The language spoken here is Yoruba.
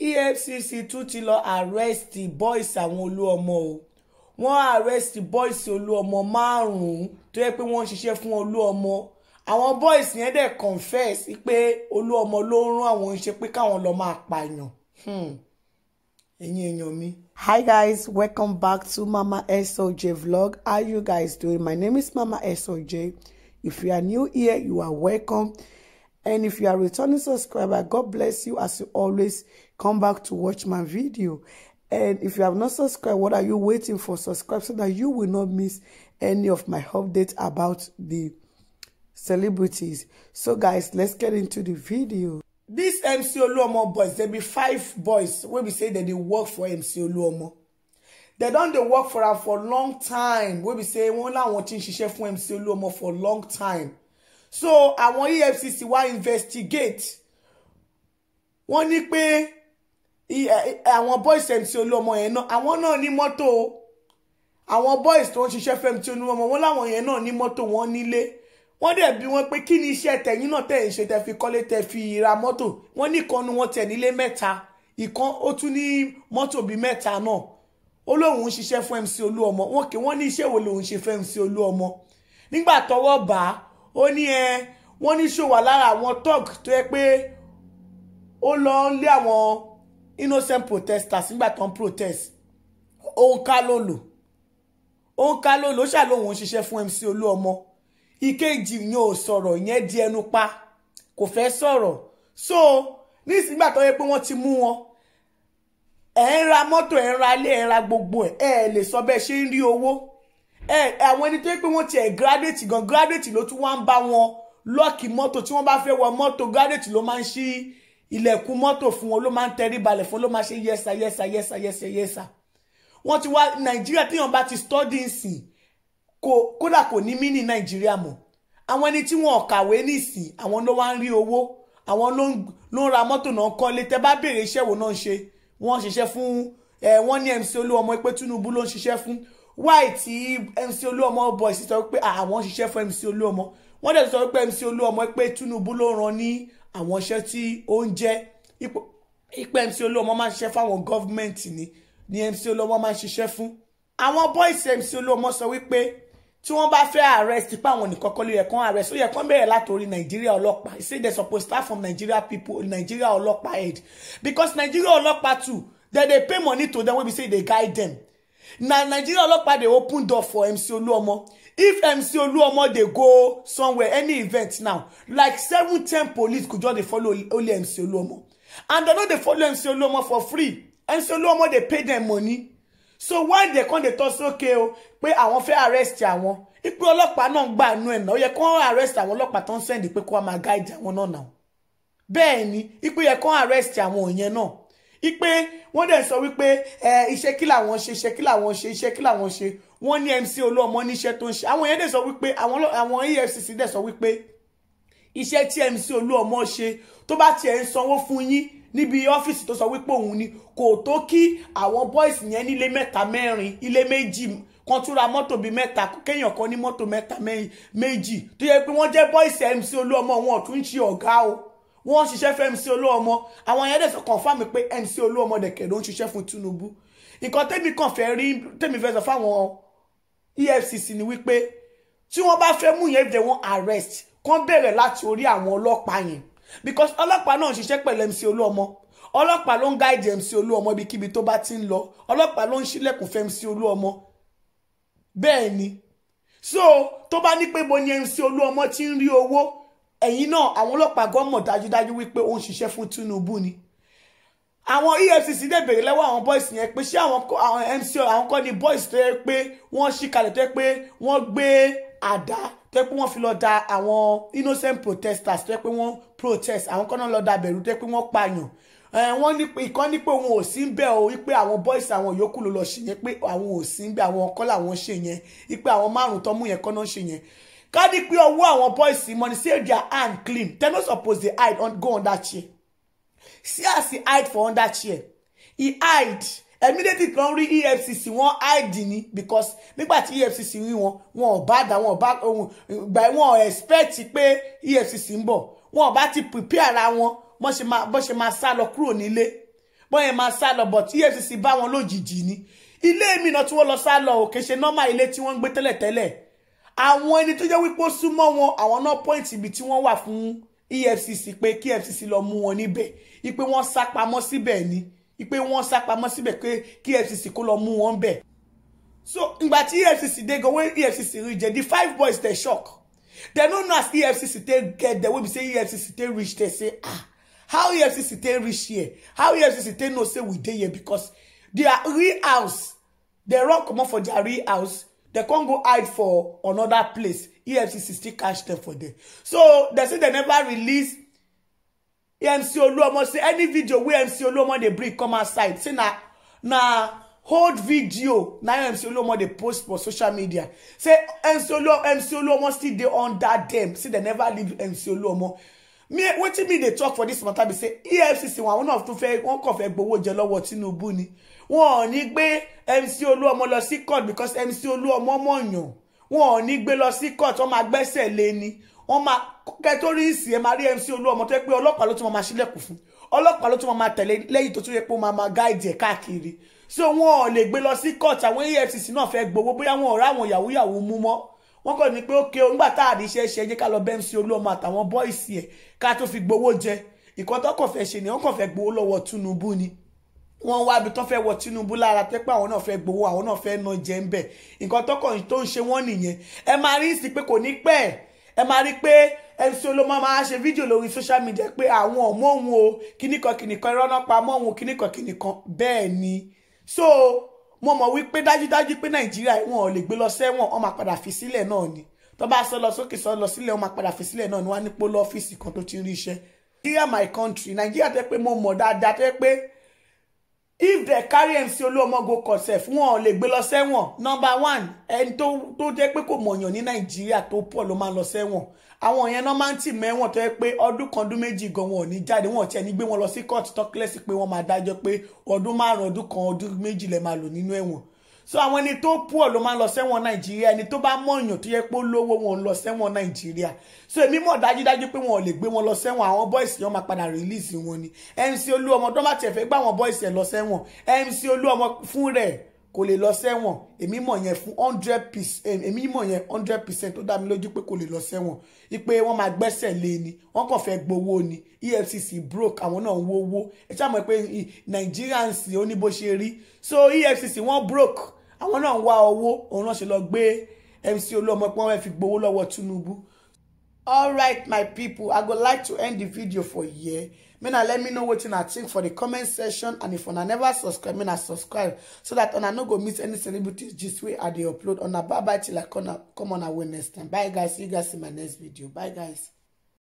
efcc tún ti lọ àrẹ́sì boys àwọn olúọmọ o wọ́n àrẹ́sì boys olúọmọ márùn-ún tó yẹ pé wọ́n ń ṣiṣẹ́ fún olúọmọ àwọn boys yẹn dẹ̀ confess pé olúọmọ ló ń rán àwọn iṣẹ́ pé káwọn lọ máa pààyàn hmm. ẹ̀yin èèyàn mi. Hi guys, welcome back to Mama SOJ vlog. How you guys doing? My name is Mama SOJ. If you are new here, you are welcome. And if you are returning subscriber, God bless you as you always come back to watch my video and if you have not subscribed what are you waiting for subscribe so that you will not miss any of my updates about the celebrities so guys let's get into the video dis mc oluomo boys there be five boys wey be say that they work for mc oluomo They don dey work for am for long time We be say wọn làwọn watching she chef for mc oluomo for long time so I àwọn efcc why investigate wọ́n ní àwọn boys MC Olúọmọ yẹn náà àwọn náà ní mọ́tò o àwọn boys tó ń ṣiṣẹ́ fẹ́mi tí Olúọmọ wọn láwọn yẹn náà ní mọ́tò wọn nílé wọ́n dẹ̀ bí wọ́n pé kí ni iṣẹ́ tẹ̀yìn náà tẹ̀ ń ṣe tẹ̀ fi kọ́lé tẹ̀ fi ra mọ́tò wọ́n ní ìkànnì wọn tẹ̀ nílé mẹ́ta ìkan ó tún ní mọ́tò bíi mẹ́ta náà ó lóun ń ṣiṣẹ́ fún MC Olúọmọ wọn kì wọ́n ní iṣẹ́ wo lòun ṣe fún MC Olúọmọ nígbà tọwọ́ bá ó ní ẹ wọ́n ní ṣòwà lára àwọn tọ́ọ̀kì tó yẹ pé ó lọ ń lé àwọn innocent protesters nígbà tó ń protest ó ń ká lòlò ó ń ká lòlò ó ṣàlóhùn ṣiṣẹ́ fún MC Olúọmọ ìkejì yẹn ò sọ̀rọ̀ yẹn di ẹnu pa kò fẹ́ sọ̀rọ̀ so nísìnyí nígbà tó yẹ pé wọ́n ti mú wọn ẹ̀ ń ra mọ́tò ẹ̀ ń ra ilé ẹ̀ ń ra gbogbo ẹ̀ ẹ̀ lè sọ bẹ́ẹ̀ ṣe ń rí owó ẹ̀ àwọn ẹni tó yẹ pé wọ́n ti ẹ̀ graduate gan graduate ló tún wá ń bá wọn lọ́ọ̀kì mọ́tò tí wọ́n bá fẹ́ wọ mọ́tò graduate ló máa ń ṣí ilẹ̀kùn mọ́tò fún wọn ló máa ń tẹrí balẹ̀ fún ló máa ṣe yẹsà yẹsà yẹsà yẹsà yẹsà wọ́n ti wá nàìjíríà téèyàn bá ti stọ́dì ìsìn kódà kò ní mí ní nàìjíríà mọ́ àwọn ẹni tí wọn ò kàwé nísìn àwọn ló wá ń rí owó àwọn ló ń ra mọ́tò náà kọ́lé tẹ́ bá béèrè iṣẹ́ wo náà ń ṣe wọ́n ṣiṣẹ́ fún ẹ wọ́n ní MC Olúọmọ pé Tinubu ló ń ṣiṣẹ́ fún wáì tí MC Olúọmọ boys sọ pé àwọn ṣiṣẹ́ fún MC Olúọmọ wọ́n dẹ̀ àwọn iṣẹ́ tí ó ń jẹ́ ipò MC Olúọmọ máa ń ṣiṣẹ́ fáwọn gọ́fìmẹ̀ntì ni ni MC Olúọmọ máa ń ṣiṣẹ́ fún àwọn boys MC Olúọmọ sọ wípé tí wọ́n bá fẹ́ arrest pa àwọn nìkan kọ́ ló yẹ kán arrest ó yẹ kán bẹ̀rẹ̀ látòrí nàìjíríà ọlọ́pàá he say they suppose start from nigeria people nigeria ọlọ́pàá head because nigeria ọlọ́pàá too they dey pay money to them wey be say they guide them na nigeria ọlọ́pàá dey open door for mc oluomo if mc oluomo dey go somewhere any event now like seven ten police go just dey follow only mc oluomo and dem no dey follow mc oluomo for free mc oluomo dey pay dem money so why dem come dey talk say okay o pé àwọn fẹ́ arrest àwọn ipò ọlọ́pàá náà ń gbà nú ẹ̀ náà ó yẹ kó arrest àwọn ọlọ́pàá tó ń send pé kó wá máa guide àwọn náà náà bẹ́ẹ̀ ni ipò yẹ kó arrest àwọn òyìn náà ipe wọ́n dẹ̀ sọ wípé iṣẹ́ kí làwọn ṣe iṣẹ́ kí làwọn ṣe iṣẹ́ kí làwọn ṣe wọ́n ní MC Olúọmọ níṣẹ́ tó ń ṣe àwọn yẹn dẹ̀ sọ wípé àwọn EFCC dẹ̀ sọ wípé iṣẹ́ tí MC Olúọmọ ṣe tó bá tiẹ̀ ń sanwó fún yín níbi ọ́fíìsì tó sọ wípé òun ni kò tó kí àwọn boys yẹn nílé mẹ́ta mẹ́rin ilé méjì kan tún ra mọ́tò bíi mẹ́ta kéèyàn kan ní mọ́tò mẹ́ta méjì tó yẹ pé wọ́n jẹ́ boys MC Olúọmọ wọn ò tún ṣe ọ̀gá o wọ́n ṣiṣẹ́ fún MC Olúọmọ àwọn yẹn dẹ̀ sọ kọ̀ǹfàmì pé MC Olúọmọ dẹ̀kẹ̀ ló ń ṣiṣẹ́ fún Tinubu nǹkan tẹ́mi kàn fẹ́ rí tẹ́mi fẹ́ sọ fáwọn EFCC ni wípé tí wọ́n bá fẹ́ mú yẹn dẹ̀ wọ́n arrest kán bẹ̀rẹ̀ láti orí àwọn ọlọ́pàá yẹn because ọlọ́pàá náà ṣiṣẹ́ pẹ̀lú MC Olúọmọ ọlọ́pàá ló ń gáìdì MC Olúọmọ ibikíbi tó bá ti ń lọ ọlọ́pàá ló ń ṣílẹ̀kùn fẹ́ MC Olúọmọ bẹ́ẹ̀ ni so tó bá ní pé bo ni MC Olúọmọ ti ń rí owó ẹ̀yìn náà àwọn ọlọ́pàá gan mọ̀ dájúdájú wípé ó ń ṣiṣẹ́ fún Tinubu ni àwọn EFCC dẹ̀ bèrè lọ́wọ́ àwọn boys yẹn pé ṣé àwọn MC àwọn kọ́ ni boys tó yẹ pé wọ́n ṣì kalẹ̀ tó yẹ pé wọ́n gbé àdá tó yẹ pé wọ́n fi lọ da àwọn innocent protesters tó yẹ pé wọ́n protest àwọn kan náà lọ da bẹ̀rù tó yẹ pé wọ́n pààyàn wọ́n ní pé ìkan ní pé òun ò sí ń bẹ̀ o wípé àwọn boys àwọn yòókù ló lọ ṣe yẹn pé àwọn ò sí ń bẹ̀ àwọn ọkọ́ làwọn ṣe yẹn wípé àwọn márùn-ún tọ́mú yẹn kọ́ náà ṣe yẹn ká ní pé ọwọ́ àwọn boys money say their hand clean dem no suppose dey hide on, go under chair see as he hide for under chair he hide immediately kan rí EFCC wọn hide ni because nígbà tí EFCC rí wọn wọn ò bá dá wọn ò bá ohun ìgbà wọn ò expect pé EFCC ń bọ̀ wọn ò bá ti prepare ara wọn bọ́n ṣe máa bọ́n ṣe máa sá lọ kúrò nílé bọ́n yẹn máa sá lọ but EFCC bá wọn lójijì ni ilé mi náà tí wọ́n lọ sá lọ òkè ṣe normal ilé tí wọ́n ń gbé tẹ́lẹ̀tẹ́lẹ̀ àwọn ẹni tó jẹ́ wípé ó súnmọ́ wọn àwọn náà point ibi tí wọ́n wà fún EFCC pé kí EFCC lọ mú wọn níbẹ̀ ipe wọ́n sá pamọ́ síbẹ̀ ni ipe wọ́n sá pamọ́ síbẹ̀ pé kí EFCC kó lọ mú wọn bẹ̀ so ìgbà tí EFCC dé gan wey EFCC reach there the five boys dey shock dem no know as EFCC take get there wey be say EFCC take reach there say ah how efcc take reach here how efcc take know say we dey here because their real house dey run comot for their real house They can't go hide for another place efcc still catch them for there so they say they never release emc oluomo say any video wey e mc oluomo they bring come outside say na hold video na e mc oluomo they post for social media say e mc oluomo still dey under them. say they never leave EMC oluomo me wetin me dey talk for this matter be say efcc wọn àwọn náà tún fẹ́ wọn kàn fẹ́ gbowó jẹ lọ́wọ́ tinubu ni wọn ò ní mc olúọmọ lọ sí court because mc olúọmọ mọ̀yàn wọn ò ní gbé lọ sí court wọn máa gbẹ́sẹ̀ lé ni wọn máa kẹ tó rí ìsìn ẹ máa mc olúọmọ tó yẹ pé lo ló tún máa ṣílẹ̀kùn fún ọlọ́pàá ló tún máa tẹ̀lé lẹ́yìn tó tún yẹ pé wọn máa máa gáìdì ẹ̀ so wọn ò lè gbé lọ sí court àwọn efcc náà fẹ́ gbowó bóyá wọn ò rá àwọn yàwó yàwó mú wọ́n kàn ní pé ó ké o nígbà tá àríṣẹ́ ṣe jẹ́ ká lọ bẹ́ẹ̀ sí olóòmọ àtàwọn bọ́ìsì ẹ̀ ká tó fi gbowó jẹ ìkan tó kàn fẹ́ ṣe ni wọ́n kàn fẹ́ gbowó lọ́wọ́ Tinubu ni wọ́n wá ibi tó fẹ́ wọ Tinubu lára pé pé àwọn náà fẹ́ gbowó àwọn náà fẹ́ ná jẹ ń bẹ̀ nǹkan tó kàn tó ń ṣe wọ́n nìyẹn ẹ máa rí sí pé kò ní pẹ́ ẹ máa rí pé MC Olúmọ máa ṣe fídíò lórí social media pé àwọn ọmọ òun o kíníkan kíníkan irọ́ náà pa mọ́ òun kíníkan kíníkan bẹ́ẹ̀ ni so mo mọ̀ wípé dájúdájú pé nàìjíríà wọn ò lè gbé lọ sẹ́wọ̀n wọn máa padà fi sílẹ̀ náà ni tó bá sọ lọ sókè sọ lọ sílẹ̀ wọn máa padà fi sílẹ̀ náà ni wọn á nípò lọ́fíìsì kan tó ti ń rí iṣẹ́ my country Nigeria tẹ́ pé mo mọ̀ dáadáa tẹ́ pé if they carry MC Oluomo go consef wọn ò lè gbé lọ sẹ́wọ̀n number one to to tó jẹ́ pé kò mọ̀yàn ní Nigeria tó pọ̀ ló máa lọ sẹ́wọ̀n àwọn yẹn náà máa ń tì mẹ́wọ̀n tó yẹ pé ọdún kan ọdún méjì gan wọn ò ní jáde wọn ò tiẹ̀ ní gbé wọn lọ sí court tọ́kílẹ́sì pé wọ́n máa dájọ́ pé ọdún márùn-ún ọdún kan ọdún méjì lè máa lò nínú ẹ̀wọ̀n so àwọn ẹni tó poor ló máa ń lọ sẹ́wọ̀n nàìjíríà ẹni tó bá mọ̀yàn tó yẹ pé ó lówó wọn lọ sẹ́wọ̀n nàìjíríà so èmi mọ̀ dájúdájú pé wọn ò lè gbé wọn lọ sẹ́wọ̀n àwọn boys yẹn máa padà release wọn ni MC Olúọmọ tó bá tiẹ̀ fẹ́ gbà wọn boys yẹn lọ sẹ́wọ̀n MC Olúọmọ fún rẹ̀ kò lè lọ sẹ́wọ̀n èmi mọ̀ yẹn fún hundred percent èmi mọ̀ yẹn hundred percent tó dá mi lójú pé kò lè lọ sẹ́wọ̀n ipe wọ́n máa gbẹ́sẹ̀ lé ni wọ́n kàn fẹ́ gbowó ni EFCC broke àwọn náà ń wó owó ẹ ṣáà mọ̀ pé Nàìjíríà ń sìn ó ní bó ṣe rí so EFCC wọ́n broke àwọn náà ń wá owó òun náà ṣe lọ gbé MC Olúọmọ pé wọ́n fi gbowó lọ́wọ́ Tinubu alright my people i go like to end the video for here make na let me know wetin i think for the comment section and if una never subscribe make na subscribe so that una no go miss any celebrity gist wey i dey upload una bye bye till i come on our next time bye guys see you guys in my next video bye guys